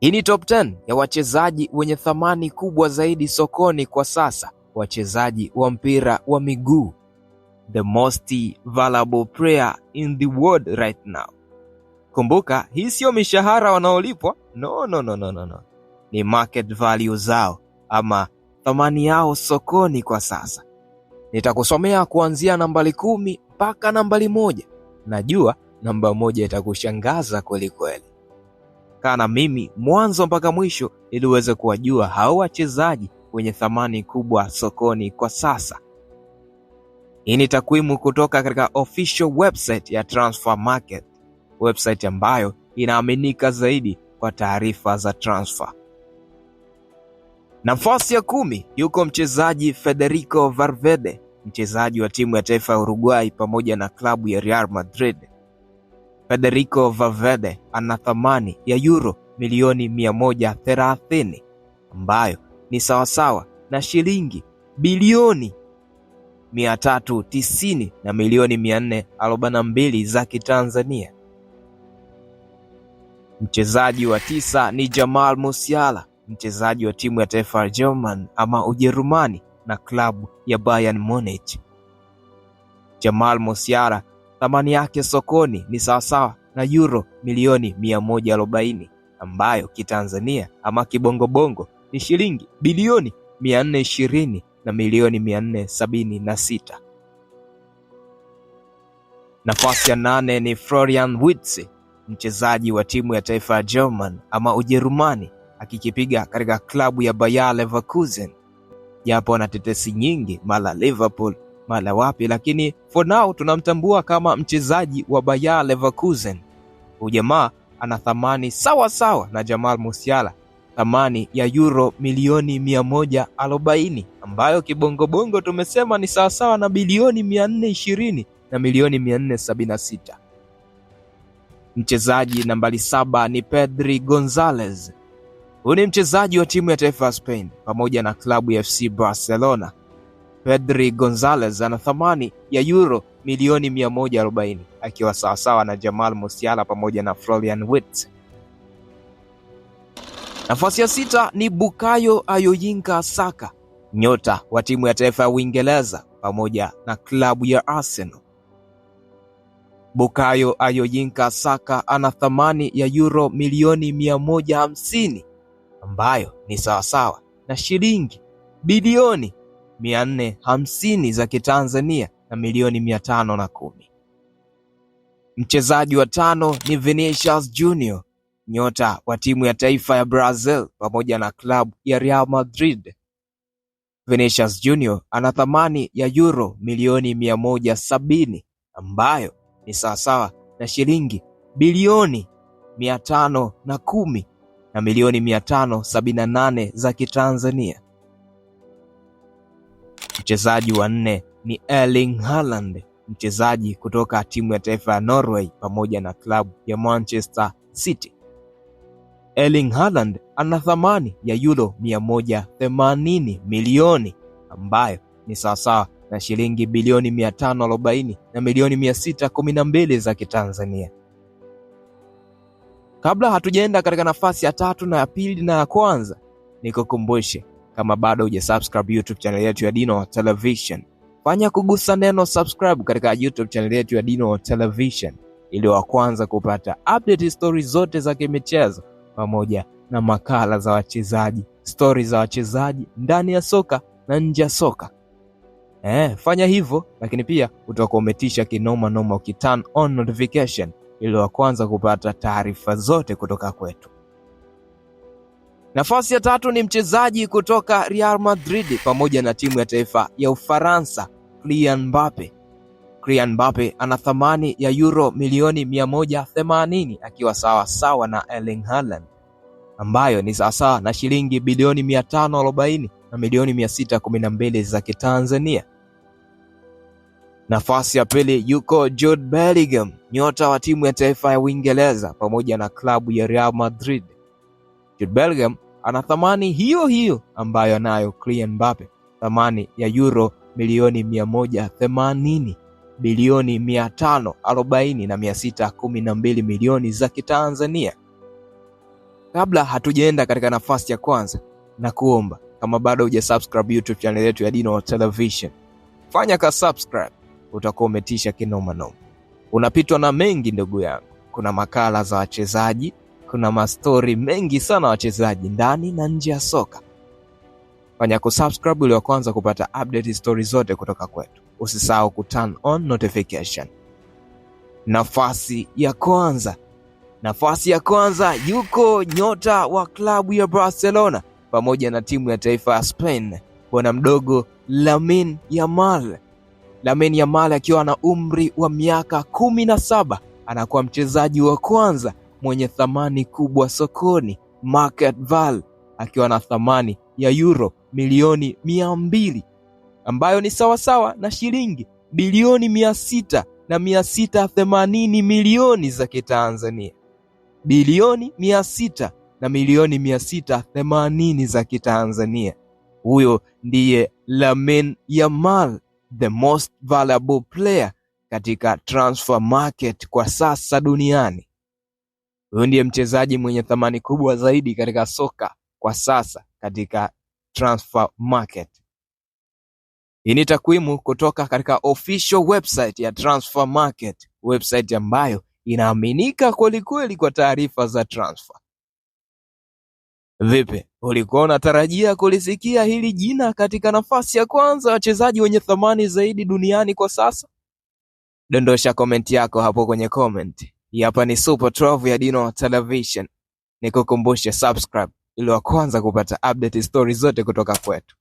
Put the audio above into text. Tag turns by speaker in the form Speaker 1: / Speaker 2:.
Speaker 1: Hii ni top 10 ya wachezaji wenye thamani kubwa zaidi sokoni kwa sasa, wachezaji wa mpira wa miguu, the most valuable player in the world right now. Kumbuka, hii sio mishahara wanaolipwa no, no, no, no, no. Ni market value zao ama thamani yao sokoni kwa sasa. Nitakusomea kuanzia nambari kumi mpaka nambari moja. Najua namba moja itakushangaza kwelikweli. Kaa na mimi mwanzo mpaka mwisho ili uweze kuwajua hao wachezaji wenye thamani kubwa sokoni kwa sasa. Hii ni takwimu kutoka katika official website ya Transfer Market, website ambayo inaaminika zaidi kwa taarifa za transfer. Nafasi ya kumi yuko mchezaji Federico Valverde, mchezaji wa timu ya taifa ya Uruguay pamoja na klabu ya Real Madrid. Federico Valverde ana thamani ya Euro milioni 130 ambayo ni sawasawa na shilingi bilioni 390 tisini na milioni 442 mbili za Kitanzania. Mchezaji wa tisa ni Jamal Musiala, mchezaji wa timu ya taifa German ama Ujerumani na klabu ya Bayern Munich. Jamal Musiala Thamani yake sokoni ni sawasawa na yuro milioni 140 ambayo kitanzania ama kibongobongo ni shilingi bilioni 420 na milioni 476. Nafasi ya nane ni Florian Wirtz, mchezaji wa timu ya taifa ya German ama Ujerumani akikipiga katika klabu ya Bayer Leverkusen, japo na tetesi nyingi mala Liverpool mara wapi, lakini for now tunamtambua kama mchezaji wa Bayer Leverkusen. Huyu jamaa ana thamani sawa sawa na Jamal Musiala, thamani ya euro milioni 140 ambayo kibongobongo tumesema ni sawasawa na bilioni 420 na milioni 476. Mchezaji nambari saba ni Pedri Gonzalez. Huyu ni mchezaji wa timu ya taifa ya Spain pamoja na klabu ya FC Barcelona. Pedri Gonzalez ana thamani ya euro milioni 140 akiwa sawasawa na Jamal Musiala pamoja na Florian Wirtz. Nafasi ya sita ni Bukayo Ayoyinka Saka, nyota wa timu ya taifa ya Uingereza pamoja na klabu ya Arsenal. Bukayo Ayoyinka Saka ana thamani ya euro milioni 150 ambayo ni sawasawa na shilingi bilioni mia nne hamsini za Kitanzania na milioni mia tano na kumi. Mchezaji wa tano ni Vinicius Junior, nyota wa timu ya taifa ya Brazil pamoja na klabu ya Real Madrid. Vinicius Junior ana thamani ya euro milioni mia moja sabini ambayo ni sawasawa na shilingi bilioni mia tano na kumi na milioni mia tano sabini na nane za Kitanzania. Wachezaji wanne ni Erling Haaland mchezaji kutoka timu ya taifa ya Norway pamoja na klabu ya Manchester City. Erling Haaland ana thamani ya euro 180 milioni ambayo ni sawasawa na shilingi bilioni 540 na milioni 612 za Kitanzania. Kabla hatujaenda katika nafasi ya tatu na ya pili na ya kwanza, nikukumbushe kama bado hujasubscribe YouTube channel yetu ya Dino Television, fanya kugusa neno subscribe katika YouTube channel yetu ya Dino Television ili wa kwanza kupata update stori zote za kimichezo pamoja na makala za wachezaji, stori za wachezaji ndani ya soka na nje ya soka. Eh, fanya hivyo, lakini pia utakuwa umetisha kinoma noma ukiturn on notification ili wa kwanza kupata taarifa zote kutoka kwetu. Nafasi ya tatu ni mchezaji kutoka Real Madrid pamoja na timu ya taifa ya Ufaransa, Kylian Mbappe. Kylian Mbappe ana thamani ya euro milioni 180 akiwa sawa sawa na Erling Haaland ambayo ni sawasawa na shilingi bilioni 540 na milioni 612 za Kitanzania. Nafasi ya pili yuko Jude Bellingham, nyota wa timu ya taifa ya Uingereza pamoja na klabu ya Real Madrid. Jude Bellingham ana thamani hiyo hiyo ambayo anayo Kylian Mbappe, thamani ya euro milioni 180 bilioni 540 na 612 milioni za Kitanzania. Kabla hatujaenda katika nafasi ya kwanza, na kuomba kama bado huja subscribe YouTube channel yetu ya Dino Television, fanya ka subscribe, utakuwa umetisha kinoma noma. Unapitwa na mengi ndugu yangu, kuna makala za wachezaji kuna mastori mengi sana wachezaji ndani na nje ya soka. Fanya kusubscribe ili wa kwanza kupata update stori zote kutoka kwetu. Usisahau ku turn on notification. Nafasi ya kwanza, nafasi ya kwanza yuko nyota wa klabu ya Barcelona pamoja na timu ya taifa ya Spain, bwana mdogo Lamine Yamal. Lamine Yamal akiwa na umri wa miaka 17 saba anakuwa mchezaji wa kwanza mwenye thamani kubwa sokoni Market Val akiwa na thamani ya euro milioni mia mbili ambayo ni sawasawa na shilingi bilioni mia sita na mia sita themanini milioni za Kitanzania, bilioni mia sita na milioni mia sita themanini za Kitanzania. Huyo ndiye Lamine Yamal, the most valuable player katika transfer market kwa sasa duniani. Huyu ndiye mchezaji mwenye thamani kubwa zaidi katika soka kwa sasa katika transfer market. Hii ni takwimu kutoka katika official website ya transfer market, website ambayo inaaminika kwelikweli kwa taarifa za transfer. Vipi, ulikuwa unatarajia kulisikia hili jina katika nafasi ya kwanza wachezaji wenye thamani zaidi duniani kwa sasa? Dondosha komenti yako hapo kwenye komenti. Hii hapa ni Super Trove ya Dino Television. Nikukumbushe subscribe ili wa kwanza kupata update stories zote kutoka kwetu.